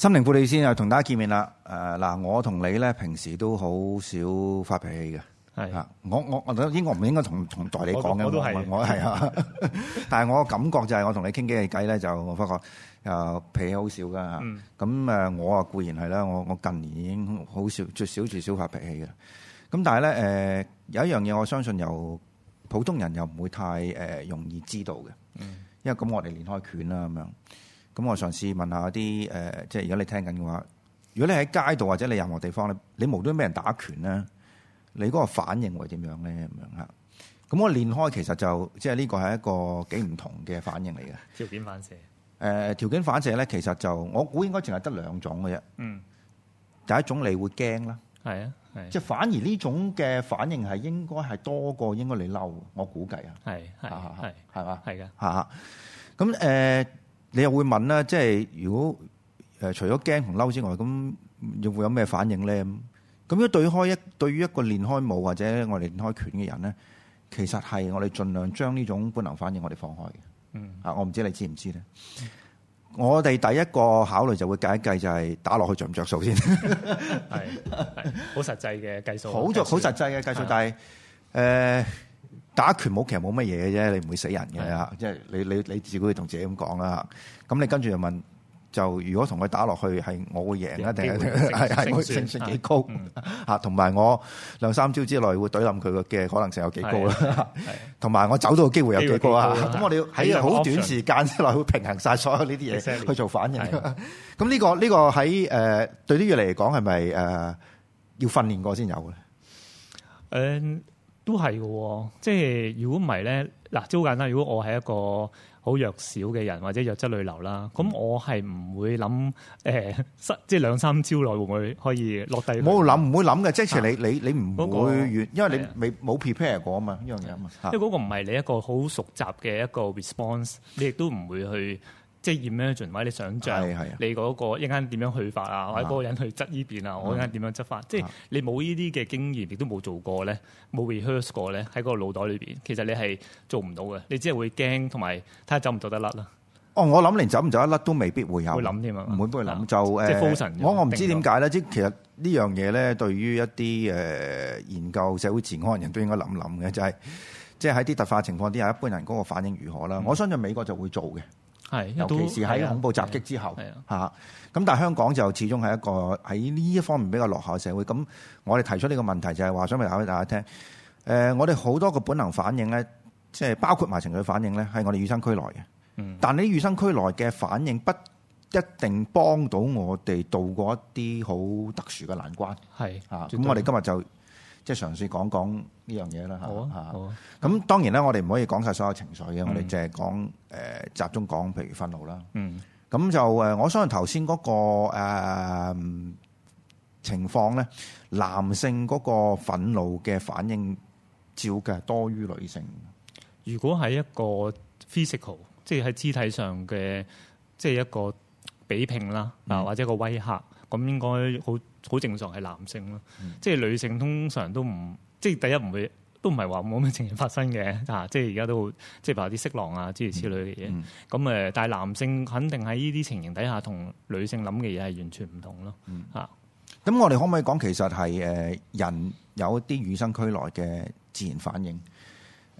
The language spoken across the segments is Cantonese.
心靈輔導線啊，同大家見面啦。誒、呃、嗱，我同你咧平時都好少發脾氣嘅。係啊，我我我覺得應該唔應該同同代理講嘅，我係我係啊。 但係我嘅感覺就係、是、我同你傾幾句偈咧，就我發覺誒脾氣好少噶，咁誒我啊固然係啦，我我近年已經好少最少絕少發脾氣嘅。咁但係咧誒有一樣嘢，我相信由普通人又唔會太誒容易知道嘅。因為咁我哋練開拳啦咁樣。咁我嘗試問一下啲誒、呃，即係如果你聽緊嘅話，如果你喺街度，或者你任何地方你無端端俾人打拳咧，你嗰個反應會點樣咧？咁樣嚇。咁我練開其實就即係呢個係一個幾唔同嘅反應嚟嘅。條件反射。誒、呃，條件反射咧，其實就我估應該淨係得兩種嘅啫。嗯。第一種你會驚啦。係啊。即係、啊啊、反而呢種嘅反應係應該係多過應該你嬲，我估計啊。係、啊。係係係。係嘛、啊？係嘅。嚇咁誒？呃你又會問啦，即係如果誒、呃、除咗驚同嬲之外，咁又會有咩反應咧？咁咁如果對開一對於一個練開武或者我哋練開拳嘅人咧，其實係我哋盡量將呢種本能反應我哋放開嘅。嗯，啊，我唔知你知唔知咧、嗯？我哋第一個考慮就會計一計，就係、是、打落去着唔着數先。係， 好實際嘅計數。好著，好實際嘅計數，但係誒。是打拳武其實冇乜嘢嘅啫，你唔會死人嘅嚇，即係你你你自己會同自己咁講啦嚇。咁你跟住就問，就如果同佢打落去係我會贏啊定係係係我勝算幾高嚇？同埋我兩三招之內會懟冧佢嘅可能性有幾高啦？同埋我走到嘅機會有幾高啊？咁我哋要喺好短時間之內會平衡曬所有呢啲嘢去做反應。咁呢個呢個喺誒對啲越嚟講係咪誒要訓練過先有咧？誒。都係嘅，即係如果唔係咧，嗱，即係好簡單。如果我係一個好弱小嘅人或者弱質女流啦，咁我係唔會諗誒，失即兩三招內會唔會可以落地？冇諗，唔會諗嘅。即係你你你唔會，因為，你未冇 prepare 過啊嘛，呢樣嘢，因為嗰個唔係你一個好熟習嘅一個 response，你亦都唔會去。即係 imagine 或者想象你嗰個一間點樣去法啊？或者嗰個人去執呢邊啊？我一間點樣執法？即係你冇呢啲嘅經驗，亦都冇做過咧，冇 rehearse 過咧，喺嗰個腦袋裏邊，其實你係做唔到嘅。你只係會驚，同埋睇下走唔走得甩啦。哦，我諗連走唔走得甩都未必會有，會諗添啊，唔會幫佢諗就誒。我我唔知點解咧，即係其實呢樣嘢咧，對於一啲誒研究社會治安嘅人都應該諗諗嘅，就係即係喺啲突發情況之下一般人嗰個反應如何啦，嗯。我相信美國就會做嘅。係，尤其是喺恐怖襲擊之後，嚇咁。但係香港就始終係一個喺呢一方面比較落後嘅社會。咁我哋提出呢個問題就係話，想咪打俾大家聽。誒，我哋好多個本能反應咧，即係包括埋情緒反應咧，係我哋與生俱來嘅。嗯。但係你與生俱來嘅反應，不一定幫到我哋渡過一啲好特殊嘅難關。係。嚇！咁我哋今日就。即、就、係、是、嘗試講講呢樣嘢啦，嚇嚇。咁當然咧，我哋唔可以講晒所有情緒嘅、嗯，我哋淨係講誒，集中講，譬如憤怒啦。嗯，咁就誒，我相信頭先嗰個、呃、情況咧，男性嗰個憤怒嘅反應照嘅多於女性。如果係一個 physical，即係喺肢體上嘅，即、就、係、是、一個。比拼啦，或者個威吓咁、嗯，應該好好正常係男性咯、嗯。即係女性通常都唔即係第一唔會都唔係話冇咩情形發生嘅，即係而家都即係話啲色狼啊諸如此類嘅嘢。咁、嗯、誒、嗯，但係男性肯定喺呢啲情形底下同女性諗嘅嘢係完全唔同咯。啊、嗯，咁我哋可唔可以講其實係誒人有一啲與生俱來嘅自然反應？誒、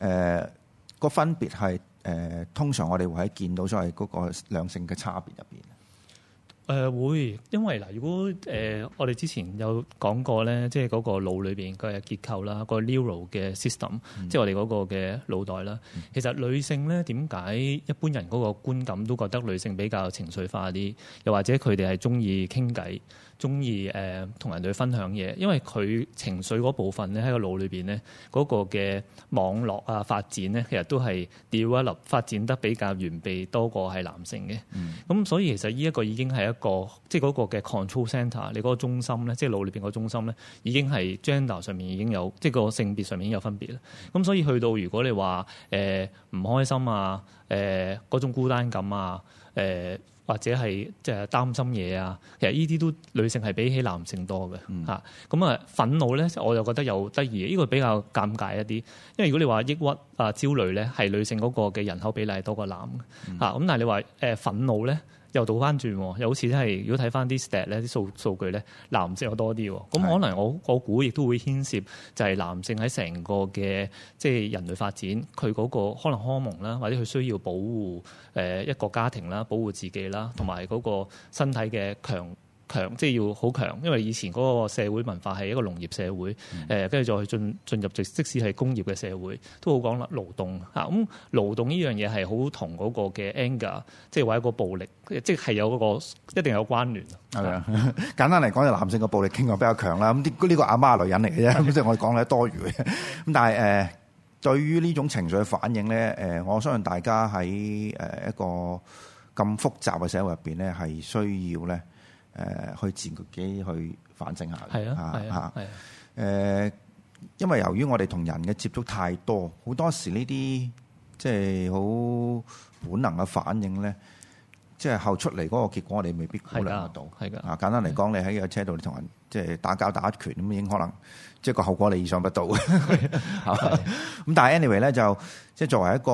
呃，個分別係誒通常我哋會喺見到所謂嗰個兩性嘅差別入邊。誒會，因為嗱，如果、呃、我哋之前有講過咧，即係嗰個腦裏邊嘅結構啦，個 neural 嘅 system，即、嗯、係、就是、我哋嗰個嘅腦袋啦、嗯。其實女性咧，點解一般人嗰個觀感都覺得女性比較情緒化啲，又或者佢哋係中意傾偈。中意誒同人哋分享嘢，因為佢情緒嗰部分咧，喺、個腦裏面咧嗰個嘅網絡啊發展咧，其實都係 develop 發展得比較完備多過係男性嘅。咁、嗯、所以其實呢一個已經係一個即嗰、就是、個嘅 control center 你嗰個中心咧，即、就、係、是、腦裏嗰個中心咧，已經係 gender 上面已經有即係、就是、個性別上面已經有分別啦。咁所以去到如果你話唔、呃、開心啊、嗰、呃、種孤單感啊、呃或者係即係擔心嘢啊，其實呢啲都女性係比起男性多嘅嚇。咁、嗯、啊、嗯，憤怒咧，我就覺得又得意，呢、呢個比較尷尬一啲。因為如果你話抑鬱啊、呃、焦慮咧，係女性嗰個嘅人口比例比多過男嘅嚇。咁但係你話誒、呃、憤怒咧？又倒翻轉，又好似真係，如果睇翻啲 stat 咧，啲數數據咧，男性又多啲，咁可能我我估亦都會牽涉，就係男性喺成個嘅即係人類發展，佢嗰個可能荷爾蒙啦，或者佢需要保護誒一個家庭啦，保護自己啦，同埋嗰個身體嘅強。強即係要好強，因為以前嗰個社會文化係一個農業社會，誒、嗯，跟住再去進進入即即使係工業嘅社會，都好講勞動嚇。咁勞動呢樣嘢係好同嗰個嘅 anger，即係話一個暴力，即係有嗰個一定有一個關聯。係啊，簡單嚟講，就男性嘅暴力傾向比較強啦。咁呢個呢個阿媽，媽女人嚟嘅啫，即係我哋講得多餘嘅。咁但係誒，對於呢種情緒嘅反應咧，誒，我相信大家喺誒一個咁複雜嘅社會入邊咧，係需要咧。誒去自己去反省下嘅，嚇嚇誒，因為由於我哋同人嘅接觸太多，好多時呢啲即係好本能嘅反應咧，即係後出嚟嗰個結果，我哋未必估量得到。係㗎，啊簡單嚟講，你喺個車度你同人即係打交打一拳咁，已經可能即係個後果你意想不到咁 但係 anyway 咧就即係作為一個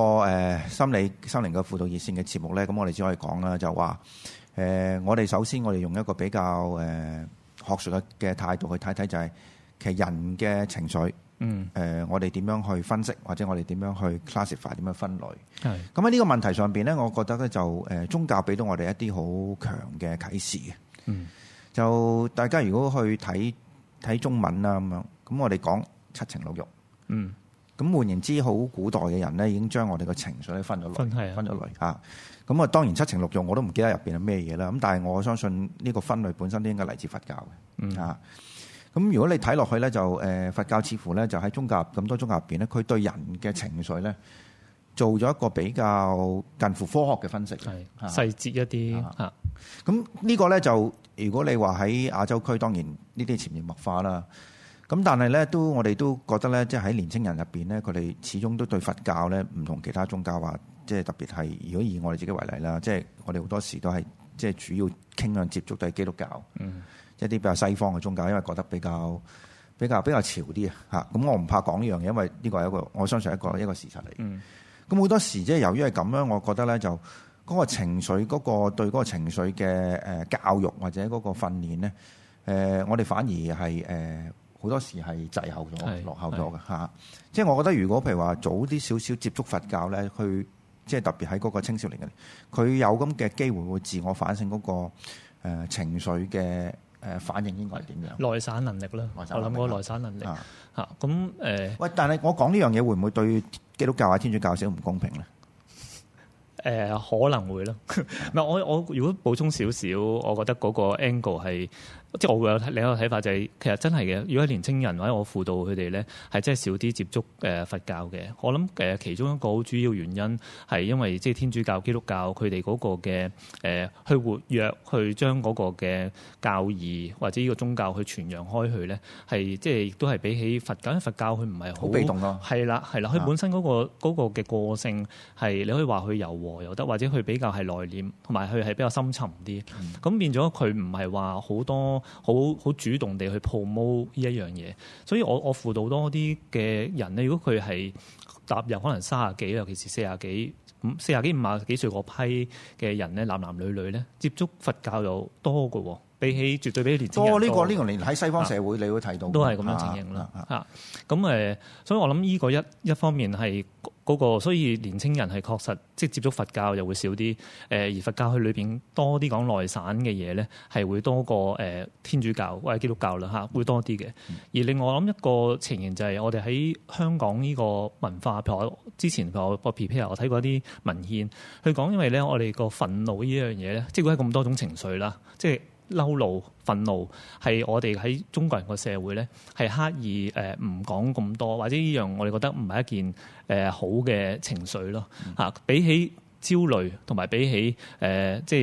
誒心理心靈嘅輔導熱線嘅節目咧，咁我哋只可以講啦，就話。誒，我哋首先我哋用一個比較誒學術嘅嘅態度去睇睇，就係其實人嘅情緒，嗯、呃，誒，我哋點樣去分析，或者我哋點樣去 classify，點樣分類，係。咁喺呢個問題上邊咧，我覺得咧就誒宗教俾到我哋一啲好強嘅啟示嘅，嗯就。就大家如果去睇睇中文啦咁樣，咁我哋講七情六欲。嗯。咁換言之，好古代嘅人咧，已經將我哋嘅情緒咧分咗類，分係分咗類啊。咁啊，當然七情六慾我都唔記得入邊係咩嘢啦。咁但係我相信呢個分類本身都應該嚟自佛教嘅。嗯咁如果你睇落去咧，就佛教似乎咧就喺宗教咁多宗教入邊咧，佢對人嘅情緒咧做咗一個比較近乎科學嘅分析、係，細節一啲。咁呢個咧就如果你話喺亞洲區，當然呢啲潛移默化啦。咁但係咧，都我哋都覺得咧，即係喺年青人入面咧，佢哋始終都對佛教咧，唔同其他宗教話，即係特別係。如果以我哋自己為例啦，即係我哋好多時都係即係主要傾向接觸都係基督教，即係啲比較西方嘅宗教，因為覺得比較比較比較潮啲啊。嚇，咁我唔怕講呢樣嘢，因為呢個係一個我相信一個一個事實嚟。咁、嗯、好多時即係由於係咁樣，我覺得咧就嗰個情緒、嗰、嗰個對嗰個情緒嘅誒教育或者嗰個訓練咧，我哋反而係好多時係滯後咗、落後咗嘅吓，即係我覺得如果譬如話早啲少少接觸佛教咧，去即係特別喺嗰個青少年嘅，佢有咁嘅機會會自我反省嗰個誒情緒嘅誒反應應該係點樣？內省能力啦，我諗個內省能力吓，咁誒。喂、呃，但係我講呢樣嘢會唔會對基督教啊、天主教少唔公平咧？誒、呃，可能會咯。唔係、嗯、我我如果補充少少、嗯，我覺得嗰個 angle 係。即係我會有另一個睇法，就係其實真係嘅。如果年青人或者我輔導佢哋咧，係真係少啲接觸誒佛教嘅。我諗誒其中一個好主要原因係因為即係天主教、基督教佢哋嗰個嘅誒、呃、去活躍去將嗰個嘅教義或者呢個宗教去傳揚開去咧，係即係亦都係比起佛教，因為佛教佢唔係好被動咯。係啦，係啦，佢本身嗰、嗰個嘅、嗰個、個性係你可以話佢柔和又得，或者佢比較係內斂，同埋佢係比較深沉啲。咁、嗯、變咗佢唔係話好多。好好主動地去 promote 呢一樣嘢，所以我我輔導多啲嘅人咧，如果佢係踏入可能三十幾，尤其是四十幾、五、四十幾、五十幾歲嗰批嘅人咧，男男女女咧，接觸佛教又多喎。比起絕對比起年多呢、哦這個呢、這個你喺西方社會，你會睇到都係咁樣情形啦嚇。咁、啊、誒、啊啊，所以我諗呢個一一方面係嗰、那個，所以年青人係確實即係接觸佛教又會少啲。誒而佛教佢裏邊多啲講內省嘅嘢咧，係會多過誒、呃、天主教或者基督教啦嚇、啊，會多啲嘅。而另外我諗一個情形就係我哋喺香港呢個文化，譬如我之前譬如我個 P 我睇過一啲文獻，佢講因為咧我哋個憤怒呢樣嘢咧，即係咁多種情緒啦，即係。嬲怒憤怒係我哋喺中國人個社會咧，係刻意誒唔講咁多，或者呢樣我哋覺得唔係一件誒好嘅情緒咯嚇、嗯。比起焦慮同埋比起誒即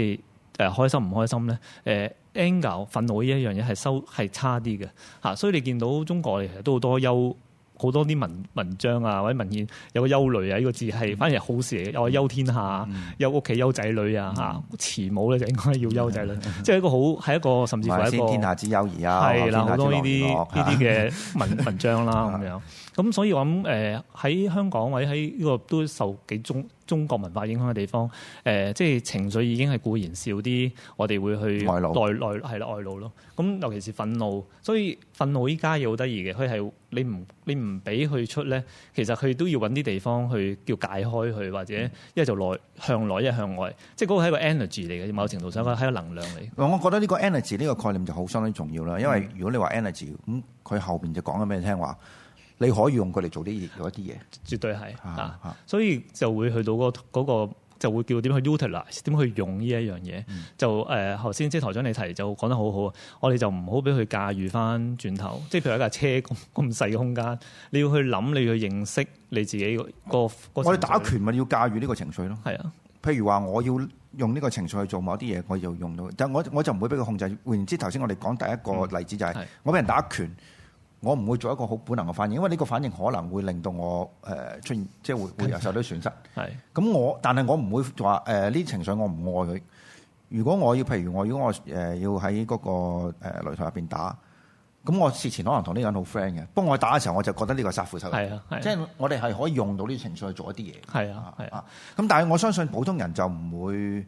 係誒開心唔開心咧，誒、呃、anger 憤怒呢一樣嘢係收係差啲嘅嚇。所以你見到中國人其實都好多憂。好多啲文文章啊，或者文獻有個憂慮啊呢、呢個字係反而係好事嚟。我憂天下，憂屋企，憂仔女啊嚇，嗯、慈母咧就應該要憂仔女，嗯嗯、即係一個好係一個甚至乎係一個先天下之憂而憂啊。係啦，好多呢啲呢啲嘅文文章啦咁樣，咁 所以我諗誒喺香港或者喺呢個都受幾中中國文化影響嘅地方，誒、呃，即係情緒已經係固然少啲，我哋會去內內係咯，外露咯。咁尤其是憤怒，所以憤怒依家嘢好得意嘅，佢係你唔你唔俾佢出咧，其實佢都要搵啲地方去叫解開佢，或者一係就內向內，一向外，即係嗰個係一個 energy 嚟嘅，某程度上講係個能量嚟、嗯。我覺得呢個 energy 呢個概念就好相當重要啦，因為如果你話 energy，咁、嗯、佢後邊就講緊咩聽話？你可以用佢嚟做啲一啲嘢，絕對係啊！所以就會去到嗰、嗰個，就會叫點去 utilise，點去用呢一樣嘢。就誒，頭先即係台長你提就講得好好，我哋就唔好俾佢駕馭翻轉頭。即係譬如一架車咁咁細嘅空間，你要去諗，你要去認識你自己、嗰個、嗰個、我哋打拳咪要駕馭呢個情緒咯。係啊，譬如話我要用呢個情緒去做某啲嘢，我就用到。但我我就唔會俾佢控制。換言之，頭先我哋講第一個例子就係、係嗯、我俾人打拳。我唔會做一個好本能嘅反應，因為呢個反應可能會令到我誒出現，即係會有受到損失。係咁我，但係我唔會話誒呢啲情緒，我唔愛佢。如果我要，譬如我如果我誒要喺嗰個誒擂台入面打，咁我事前可能同呢個人好 friend 嘅，不過我打嘅時候我就覺得呢個殺父手。係啊，即係、就是、我哋係可以用到呢啲情緒去做一啲嘢。係啊，係啊，咁但係我相信普通人就唔會。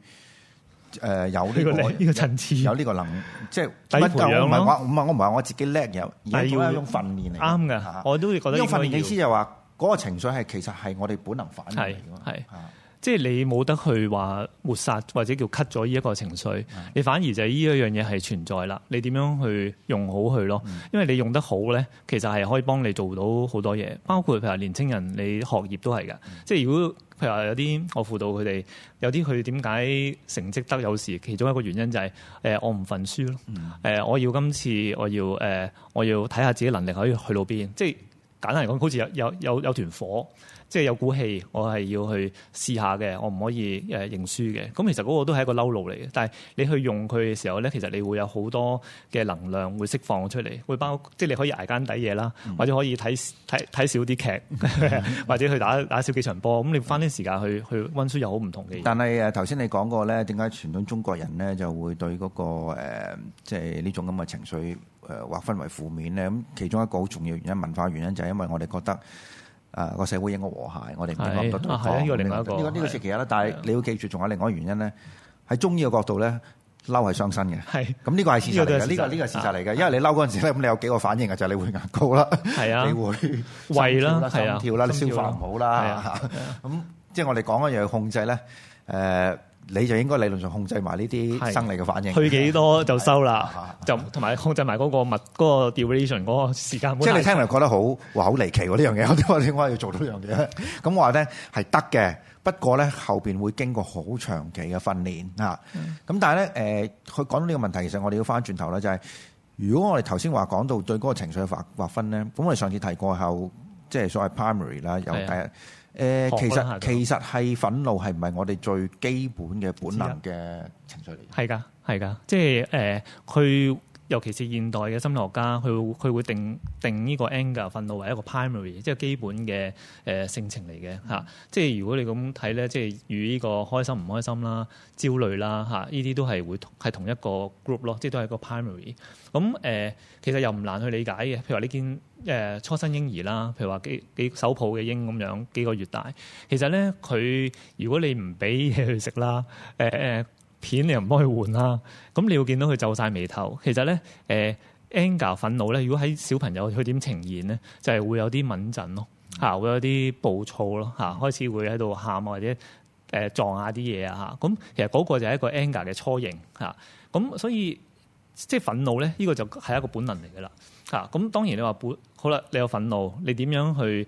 誒、呃、有呢、這個呢個，這個層次，有呢個能，即係底養咯。唔係我唔係話我自己叻，而係要一種訓練嚟。啱㗎吓，啊、我都會覺得呢個訓練嘅意思就話嗰個情緒係其實係我哋本能反應嚟，係啊。即係你冇得去話抹殺或者叫 cut 咗呢一個情緒、嗯，你反而就係呢一樣嘢係存在啦。你點樣去用好佢咯、嗯？因為你用得好咧，其實係可以幫你做到好多嘢。包括譬如年青人，你學業都係㗎、嗯。即係如果譬如話有啲我輔導佢哋，有啲佢點解成績得？有時其中一個原因就係、是呃、我唔忿輸咯、嗯呃。我要今次我要、呃、我要睇下自己能力可以去到邊。即係簡單嚟講，好似有有有有，有團火。即係有股氣，我係要去試下嘅，我唔可以誒認輸嘅。咁其實嗰個都係一個嬲路嚟嘅。但係你去用佢嘅時候咧，其實你會有好多嘅能量會釋放出嚟，會包括即係你可以捱間底嘢啦，或者可以睇睇睇少啲劇、嗯，或者去打打少幾場波。咁、嗯、你翻啲時間去去溫書又好唔同嘅。但係誒頭先你講過咧，點解傳統中國人咧就會對嗰、嗰個即係呢種咁嘅情緒誒劃分為負面咧？咁其中一個好重要原因，文化原因就係因為我哋覺得。誒、啊、個社會應該和諧，我哋唔好咁多對講。呢、啊、個呢個係其實啦，但係你要記住，仲有另外一個原因咧。喺中醫嘅角度咧，嬲係傷身嘅。係。咁呢個係事實嚟嘅，呢個呢個係事實嚟嘅。因為你嬲嗰陣時咧，咁你有幾個反應嘅，就係、是、你會牙膏啦，你會胃啦，心跳啦，你消化唔好啦。咁即係我哋講一樣控制咧，誒、呃。你就應該理論上控制埋呢啲生理嘅反應，去幾多就收啦，啊啊，就同埋控制埋嗰個物嗰 duration 嗰個時間。即、啊、係、啊啊就是，你聽嚟覺得好 哇好離奇喎呢樣嘢，我點解要做到 呢樣嘢咁話咧，係得嘅，不過咧後面會經過好長期嘅訓練咁，嗯、但係咧佢講到呢個問題，其實我哋要翻轉頭咧，就係、是、如果我哋頭先話講到對嗰個情緒嘅劃劃分咧，咁我哋上次提過後，即係所謂 primary 啦，有誒其實其實係憤怒係唔係我哋最基本嘅本能嘅情緒嚟？係㗎係㗎，即係佢。呃尤其是現代嘅心理學家，佢佢會定定呢個 anger 憤怒為一個 primary，即係基本嘅誒、呃、性情嚟嘅嚇。即係如果你咁睇咧，即係與呢個開心唔開心啦、焦慮啦嚇，呢、啊、啲都係會係同，同一個 group 咯，即係都係一個 primary。咁、嗯、誒、呃，其實又唔難去理解嘅。譬如話你見誒初生嬰兒啦，譬如話幾幾手抱嘅嬰咁樣，幾個月大，其實咧佢如果你唔俾嘢去食啦，誒、呃、誒。呃片你又唔可以換啦，咁你要見到佢皺晒眉頭，其實咧，誒、呃、anger 憤怒咧，如果喺小朋友佢點呈現咧，就係、是、會有啲敏陣咯，嚇、啊、會有啲暴躁咯，嚇、啊、開始會喺度喊或者誒、呃、撞一下啲嘢啊嚇，咁其實嗰個就係一個 anger 嘅初形。嚇、啊，咁所以即係、就是、憤怒咧，呢、這個就係一個本能嚟噶啦嚇，咁、啊、當然你話本好啦，你有憤怒，你點樣去誒喺、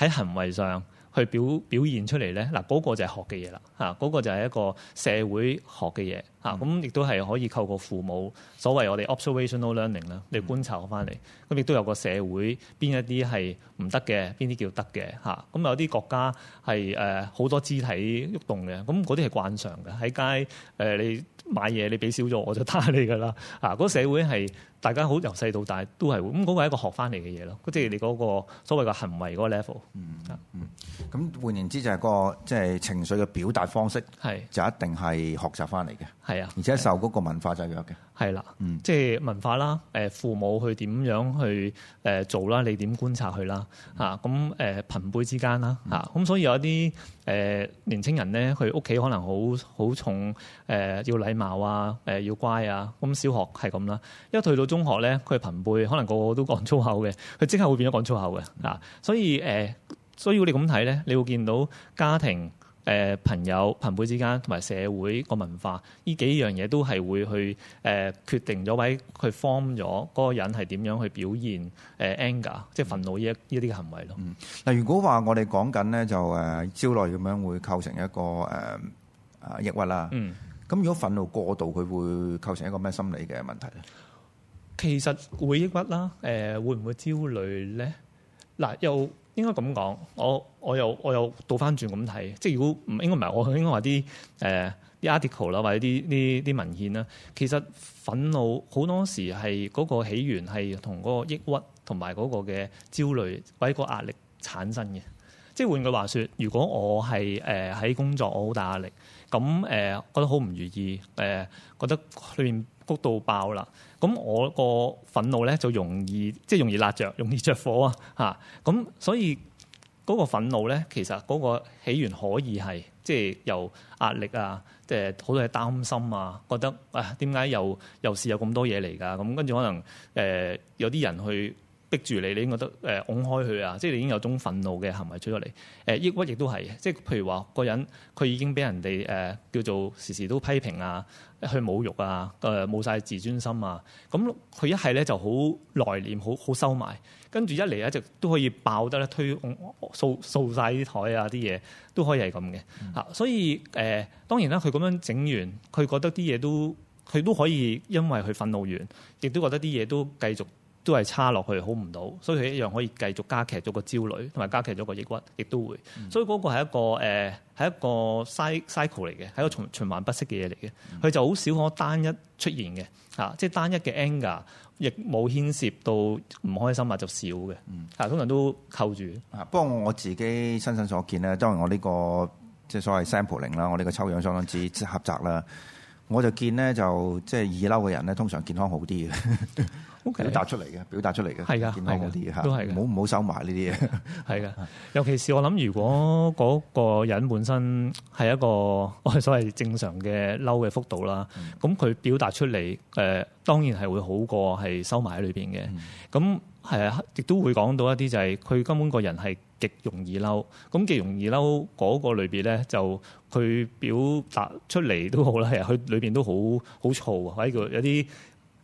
呃、行為上？去表表現出嚟咧，嗱、那、嗰個就係學嘅嘢啦，嚇、那、嗰個就係一個社會學嘅嘢，嚇，咁亦都係可以透過父母所謂我哋 observational learning 啦，你觀察翻嚟，咁、嗯、亦都有個社會邊一啲係唔得嘅，邊啲叫得嘅嚇，咁有啲國家係誒好多肢體喐動嘅，咁嗰啲係慣常嘅喺街誒、呃、你買嘢，你俾少咗我就打你㗎啦，啊、那、嗰、個、社會係。大家好，由細到大都係會，咁，嗰個係一個學翻嚟嘅嘢咯。即、就、係、是、你嗰個所謂嘅行為嗰個 level。嗯嗯。咁換言之就是、那個，就係個即係情緒嘅表達方式，係就一定係學習翻嚟嘅。係啊。而且受嗰個文化制約嘅。係啦、啊。嗯。即係文化啦，誒父母去點樣去誒做啦，你點觀察佢啦？吓咁誒朋輩之間啦吓，咁所以有一啲誒年青人咧，佢屋企可能好好重誒、呃、要禮貌啊，誒、呃、要乖啊。咁、嗯、小學係咁啦，因為佢到。中學咧，佢係朋輩，可能個個都講粗口嘅，佢即刻會變咗講粗口嘅啊！所以誒，所以如果你咁睇咧，你會見到家庭、誒朋友、朋輩之間，同埋社會個文化，呢幾樣嘢都係會去誒決定咗位佢 form 咗嗰個人係點樣去表現誒 anger，即係憤怒呢一呢啲嘅行為咯。嗯，嗱，如果話我哋講緊咧就誒，焦慮咁樣會構成一個誒啊抑鬱啦。嗯，咁如果憤怒過度，佢會構成一個咩心理嘅問題咧？其實會抑鬱啦，誒、呃、會唔會焦慮咧？嗱，又應該咁講，我我又我又倒翻轉咁睇，即係如果唔應該唔係，我應該話啲誒啲 article 啦，或者啲啲啲文獻啦，其實憤怒好多時係嗰個起源係同嗰個抑鬱同埋嗰個嘅焦慮或者個壓力產生嘅。即係換句話說，如果我係誒喺工作，我好大壓力，咁誒、呃、覺得好唔如意，誒、呃、覺得裏面，谷到爆啦！咁我個憤、就是啊、個憤怒咧就容易即係容易辣着，容易着火啊！嚇咁，所以嗰個憤怒咧，其實嗰個起源可以係即係由壓力啊，即係好多嘢擔心啊，覺得啊點解又又試有咁多嘢嚟㗎？咁跟住可能誒、呃、有啲人去。逼住你，你覺得誒拱、呃、開佢啊，即係你已經有種憤怒嘅行為出咗嚟。誒、呃、抑鬱亦都係，即係譬如話個人佢已經俾人哋誒、呃、叫做時時都批評啊，去侮辱啊，誒冇晒自尊心啊，咁佢一係咧就好內斂，好好收埋。跟住一嚟咧就都可以爆得咧，推掃掃晒啲台啊啲嘢，都可以係咁嘅。啊，所以誒當然啦，佢咁樣整完，佢覺得啲嘢都佢都可以，因為佢憤怒完，亦都覺得啲嘢都繼續。都係差落去，好唔到，所以佢一樣可以繼續加劇咗個焦慮，同埋加劇咗個抑鬱，亦都會。所以嗰個係一個誒，係、呃、一個 cycle 嚟嘅，係一個循循環不息嘅嘢嚟嘅。佢、嗯、就好少可單一出現嘅嚇、啊，即係單一嘅 anger，亦冇牽涉到唔開心啊，就少嘅嚇、啊，通常都扣住。啊、嗯，不過我自己親身，身所見咧，當然我呢、這個即係所謂 sampling 啦，我呢個抽樣相當之狹窄啦。我就見咧，就即係二嬲嘅人咧，通常健康好啲嘅，表達出嚟嘅，表達出嚟嘅，係啊，健康嗰啲都係唔好收埋呢啲嘢，係啊，尤其是我諗，如果嗰個人本身係一個我所謂正常嘅嬲嘅幅度啦，咁、嗯、佢表達出嚟，誒當然係會好過係收埋喺裏面嘅，咁、嗯。係啊，亦都會講到一啲就係佢根本個人係極容易嬲，咁極容易嬲嗰個裏邊咧，就佢表達出嚟都好啦，佢裏邊都好好燥啊，或者有啲。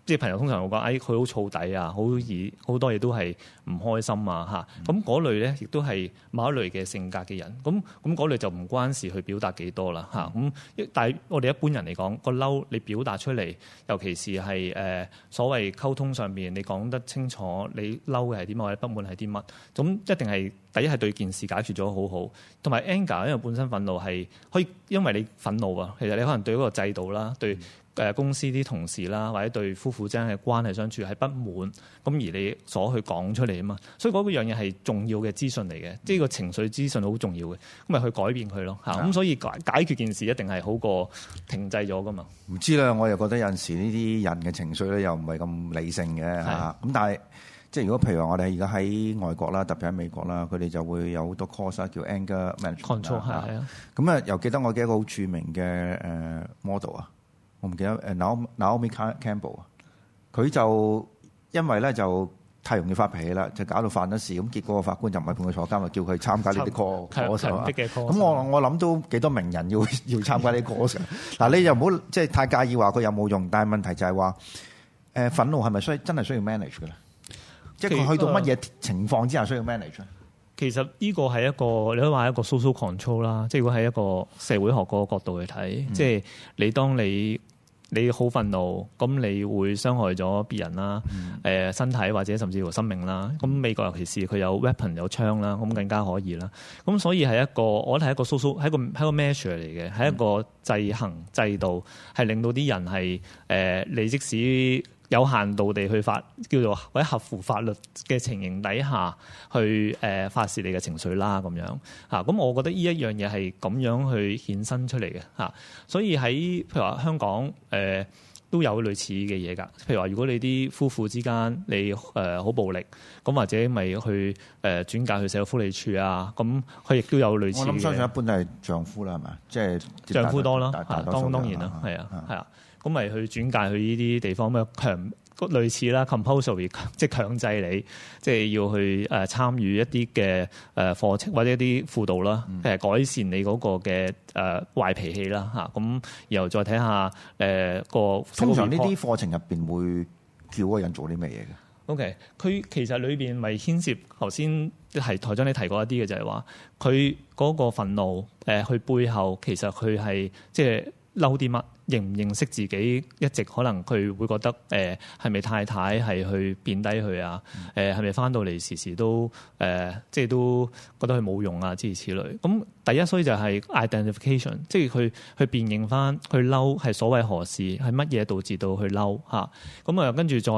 即係朋友通常會講，哎佢好燥底啊，好易，好多嘢都係唔開心啊，嚇咁嗰類咧，亦都係某一類嘅性格嘅人。咁咁嗰類就唔關事去表達幾多啦，嚇、嗯、咁。但係我哋一般人嚟講，個嬲你表達出嚟，尤其是係誒、呃、所謂溝通上面，你講得清楚，你嬲嘅係啲乜，或者不滿係啲乜，咁一定係第一係對件事解決咗好好，同埋 anger 因為本身憤怒係可以，因為你憤怒啊，其實你可能對嗰個制度啦，對、嗯。誒公司啲同事啦，或者對夫婦之間嘅關係相處係不滿，咁而你所去講出嚟啊嘛，所以嗰樣嘢係重要嘅資訊嚟嘅，即係個情緒資訊好重要嘅，咁咪去改變佢咯嚇。咁、啊、所以解解決件事一定係好過停滯咗噶嘛。唔知啦，我又覺得有陣時呢啲人嘅情緒咧又唔係咁理性嘅嚇。咁、啊、但係即係如果譬如話我哋而家喺外國啦，特別喺美國啦，佢哋就會有好多 course 叫 anger management 是啊。咁啊，又記得我記得一個好著名嘅誒 model 啊。我唔記得誒，Naomi Campbell 啊，佢就因為咧就太容易發脾氣啦，就搞到犯咗事，咁結果個法官就唔係判佢坐監，咪叫佢參加呢啲課課程。咁我我諗都幾多名人要要參加呢啲課程。嗱， 你又唔好即係太介意話佢有冇用，但係問題就係話誒憤怒係咪需真係需要 manage 嘅咧？即係佢去到乜嘢情況之下需要 manage 咧？其實呢個係一個，你可以話一個 social control 啦。即係如果喺一個社會學嗰個角度去睇、嗯，即係你當你你好憤怒，咁你會傷害咗別人啦、嗯呃，身體或者甚至乎生命啦。咁美國尤其是佢有 weapon 有槍啦，咁更加可以啦。咁所以係一個，我覺得係一個 social 係一個係一個 measure 嚟嘅，係一,一,一個制衡制度，係令到啲人係、呃、你即使。有限度地去法叫做或者合乎法律嘅情形底下，去、呃、發發洩你嘅情緒啦，咁樣。咁、啊、我覺得呢一樣嘢係咁樣去衍身出嚟嘅、啊、所以喺譬如話香港誒、呃、都有類似嘅嘢㗎。譬如話如果你啲夫婦之間你誒好、呃、暴力，咁或者咪去誒轉介去社會福利署啊。咁佢亦都有類似嘅。我諗相信一般都係丈夫啦，係咪？即係丈夫多啦、啊，當當然啦，係啊，係啊。咁咪去轉介去呢啲地方咩強類似啦，compulsory 即係強制你即係要去誒參與一啲嘅課程或者一啲輔導啦、嗯，改善你嗰個嘅誒壞脾氣啦嚇。咁然後再睇下誒個。通、呃、常呢啲課程入面會叫個人做啲咩嘢嘅？OK，佢其實裏邊咪牽涉頭先係台長你提過一啲嘅，就係話佢嗰個憤怒誒，佢背後其實佢係即係嬲啲乜？認唔認識自己，一直可能佢會覺得誒係咪太太係去貶低佢啊？誒係咪翻到嚟時時都誒、呃，即係都覺得佢冇用啊之如此類。咁第一，所以就係 identification，即係佢去辨認翻，去嬲係所謂何事，係乜嘢導致到去嬲吓。咁啊，跟住再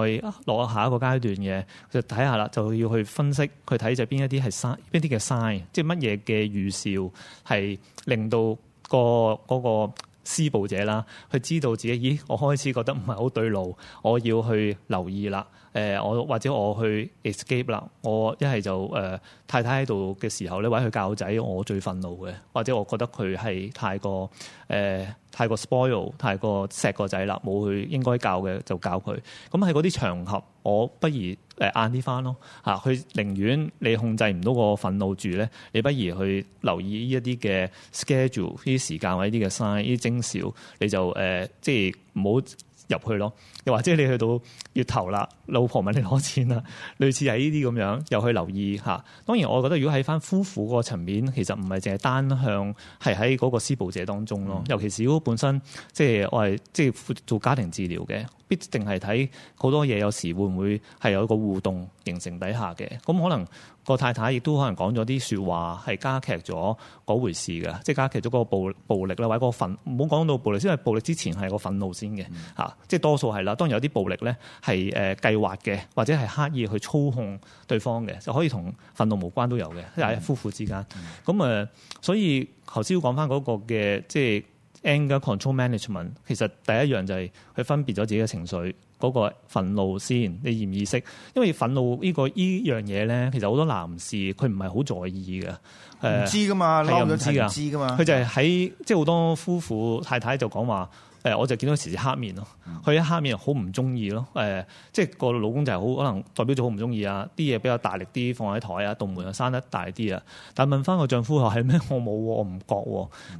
落下一個階段嘅，就睇下啦，就要去分析，佢睇就邊一啲係 sign，邊啲嘅 sign，即係乜嘢嘅預兆係令到個、那、嗰個。施暴者啦，佢知道自己，咦，我開始覺得唔係好對路，我要去留意啦。誒、呃、我或者我去 escape 啦，我一係就誒、呃、太太喺度嘅時候咧，或者佢教仔，我最憤怒嘅，或者我覺得佢係太過誒、呃、太過 spoil，太過錫個仔啦，冇去應該教嘅就教佢。咁喺嗰啲場合，我不如誒晏啲翻咯嚇。佢、呃呃、寧願你控制唔到個憤怒住咧，你不如去留意呢一啲嘅 schedule，呢啲時間或者啲嘅 sign，依啲徵兆，你就誒、呃、即係唔好。入去咯，又或者你去到月頭啦，老婆問你攞錢啦，類似係呢啲咁樣，又去留意吓，當然，我覺得如果喺翻夫婦嗰個層面，其實唔係淨係單向，係喺嗰個施暴者當中咯、嗯。尤其是如果本身即係我係即係做家庭治療嘅，必定係睇好多嘢，有時會唔會係有一個互動形成底下嘅，咁可能。個太太亦都可能講咗啲説話，係加劇咗嗰回事嘅，即係加劇咗個暴暴力啦，或者個憤。唔好講到暴力，因為暴力之前係個憤怒先嘅嚇、嗯，即係多數係啦。當然有啲暴力咧係誒計劃嘅，或者係刻意去操控對方嘅，就可以同憤怒無關都有嘅、嗯，即係夫婦之間。咁、嗯、誒，所以頭先講翻嗰個嘅即係。Anger control management 其實第一樣就係佢分別咗自己嘅情緒嗰、那個憤怒先，你意唔意識，因為憤怒呢、這個依樣嘢咧，其實好多男士佢唔係好在意嘅。唔知㗎嘛，嬲、呃、都唔知㗎。佢就係喺即係好多夫婦太太就講話。誒，我就見到時時黑面咯，佢啲黑面好唔中意咯。誒、嗯，即係個老公就係好可能代表咗好唔中意啊！啲嘢比較大力啲放喺台啊，度門又生得大啲啊。但係問翻個丈夫話係咩？我冇，我唔覺。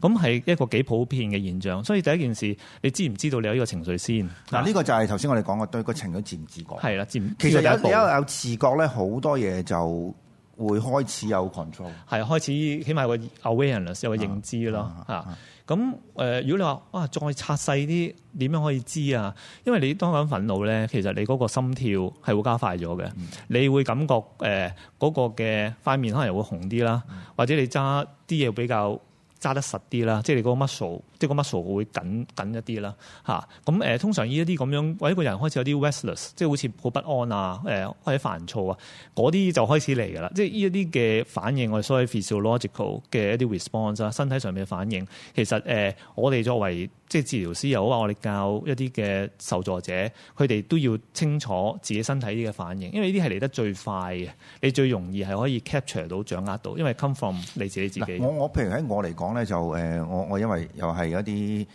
咁、嗯、係一個幾普遍嘅現象。所以第一件事，你知唔知道你有呢個情緒先？嗱，呢個就係頭先我哋講嘅對個情緒自唔自覺。係啦，其實有有有自覺咧，好多嘢就會開始有 control，係開始起碼有個 awareness 有個認知咯嚇。咁誒、呃，如果你話啊，再拆細啲點樣可以知啊？因為你當緊憤怒咧，其實你嗰個心跳係會加快咗嘅、嗯，你會感覺誒嗰、呃嗰個嘅塊面可能又會紅啲啦、嗯，或者你揸啲嘢比較揸得實啲啦，即、就、係、係、你個 muscle。即個 muscle 會緊緊一啲啦，吓，咁誒通常呢一啲咁樣，或者一個人開始有啲 restless，即係好似好不安啊，誒或者煩躁啊，嗰啲就開始嚟㗎啦。即係呢一啲嘅反應，我哋所謂 physiological 嘅一啲 response 啦，身體上面嘅反應，其實誒我哋作為即係治療師又好啊，我哋教一啲嘅受助者，佢哋都要清楚自己身體啲嘅反應，因為呢啲係嚟得最快嘅，你最容易係可以 capture 到掌握到，因為 come from 你自己自己我。我我譬如喺我嚟講咧，就誒我我因為又係。有啲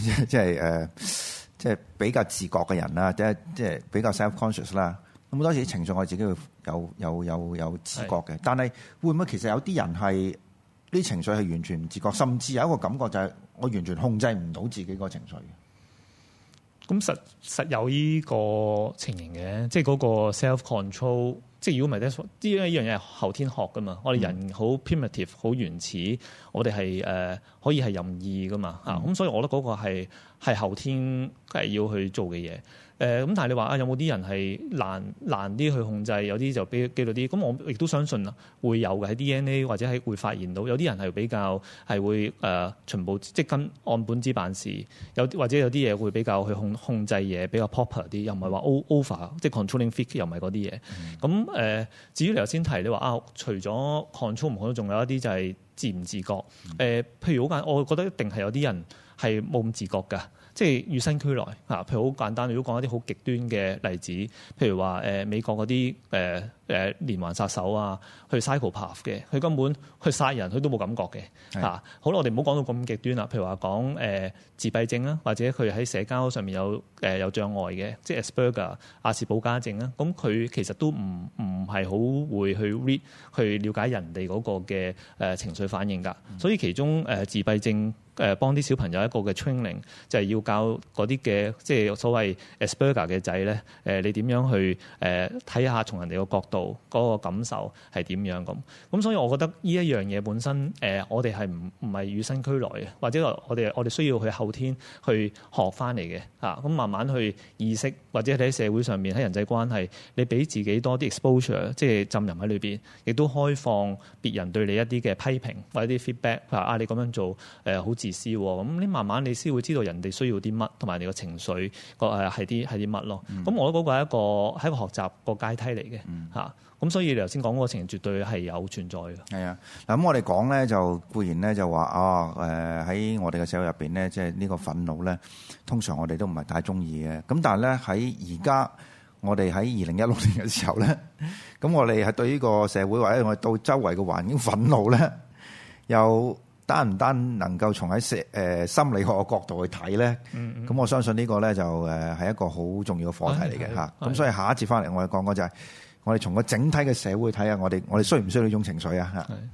即係誒，即係、呃、比較自覺嘅人啦，即係即係比較 self conscious 啦。咁好多時啲情緒我自己會有有有有自覺嘅。但係會唔會其實有啲人係啲情緒係完全唔自覺，甚至有一個感覺就係我完全控制唔到自己個情緒，咁實實有呢個情形嘅，即係嗰個 self control。即係如果唔係咧，呢樣呢樣嘢係後天學噶嘛。我哋人好 primitive，好原始，我哋係誒可以係任意噶嘛。嚇、嗯，咁、啊、所以我覺得嗰個係係後天係要去做嘅嘢。誒咁，但係你話啊，有冇啲人係難難啲去控制？有啲就俾記錄啲。咁我亦都相信啦，會有嘅喺 DNA 或者係會發現到。有啲人係比較係會誒、呃、全部即跟按本子辦事。有或者有啲嘢會比較去控控制嘢比較 proper 啲，又唔係話 over 即 controlling freak，又唔係嗰啲嘢。咁、嗯、誒、呃，至於你頭先提你話啊、呃，除咗 control 唔好，仲有一啲就係自唔自覺。誒、嗯呃，譬如好簡單，我覺得一定係有啲人係冇咁自覺嘅。即係與生俱來啊！譬如好簡單，如果講一啲好極端嘅例子，譬如話誒美國嗰啲誒誒連環殺手啊，去 cycle path 嘅，佢根本去殺人佢都冇感覺嘅嚇、啊。好啦，我哋唔好講到咁極端啦。譬如話講誒自閉症啦，或者佢喺社交上面有誒、呃、有障礙嘅，即係 Asperger 亞氏保加症啊。咁佢其實都唔唔係好會去 read 去了解人哋嗰、那個嘅誒、呃、情緒反應㗎。所以其中誒、呃、自閉症。誒幫啲小朋友一個嘅 training，就係、是、要教啲嘅即係所謂 Asperger 嘅仔咧，誒你點樣去誒睇下從人哋個角度、嗰個感受係點樣咁？咁所以我覺得呢一樣嘢本身誒我哋係唔唔係與生俱來嘅，或者我哋我哋需要去後天去學翻嚟嘅吓咁慢慢去意識或者喺社會上面喺人際關係你俾自己多啲 exposure，即係浸淫喺裏邊，亦都開放別人對你一啲嘅批評或者啲 feedback 話啊你咁樣做誒好、呃、自。咁你慢慢你先會知道人哋需要啲乜，同埋你個情緒個係啲係啲乜咯。咁、嗯、我覺得嗰個係一個喺個學習個階梯嚟嘅，吓、嗯。咁所以你頭先講嗰個情絕對係有存在嘅。係啊，嗱，咁我哋講咧就固然咧就話啊，誒喺我哋嘅社會入邊咧，即係呢個憤怒咧，通常我哋都唔係太中意嘅。咁但係咧喺而家我哋喺二零一六年嘅時候咧，咁 我哋係對呢個社會或者我哋到周圍嘅環境憤怒咧，有。單唔單能夠從喺社誒心理學嘅角度去睇咧？咁、嗯嗯、我相信呢個咧就誒係一個好重要嘅課題嚟嘅嚇。咁所以下一節翻嚟我哋講講就係我哋從個整體嘅社會睇下我哋我哋需唔需要呢種情緒啊，嗯嗯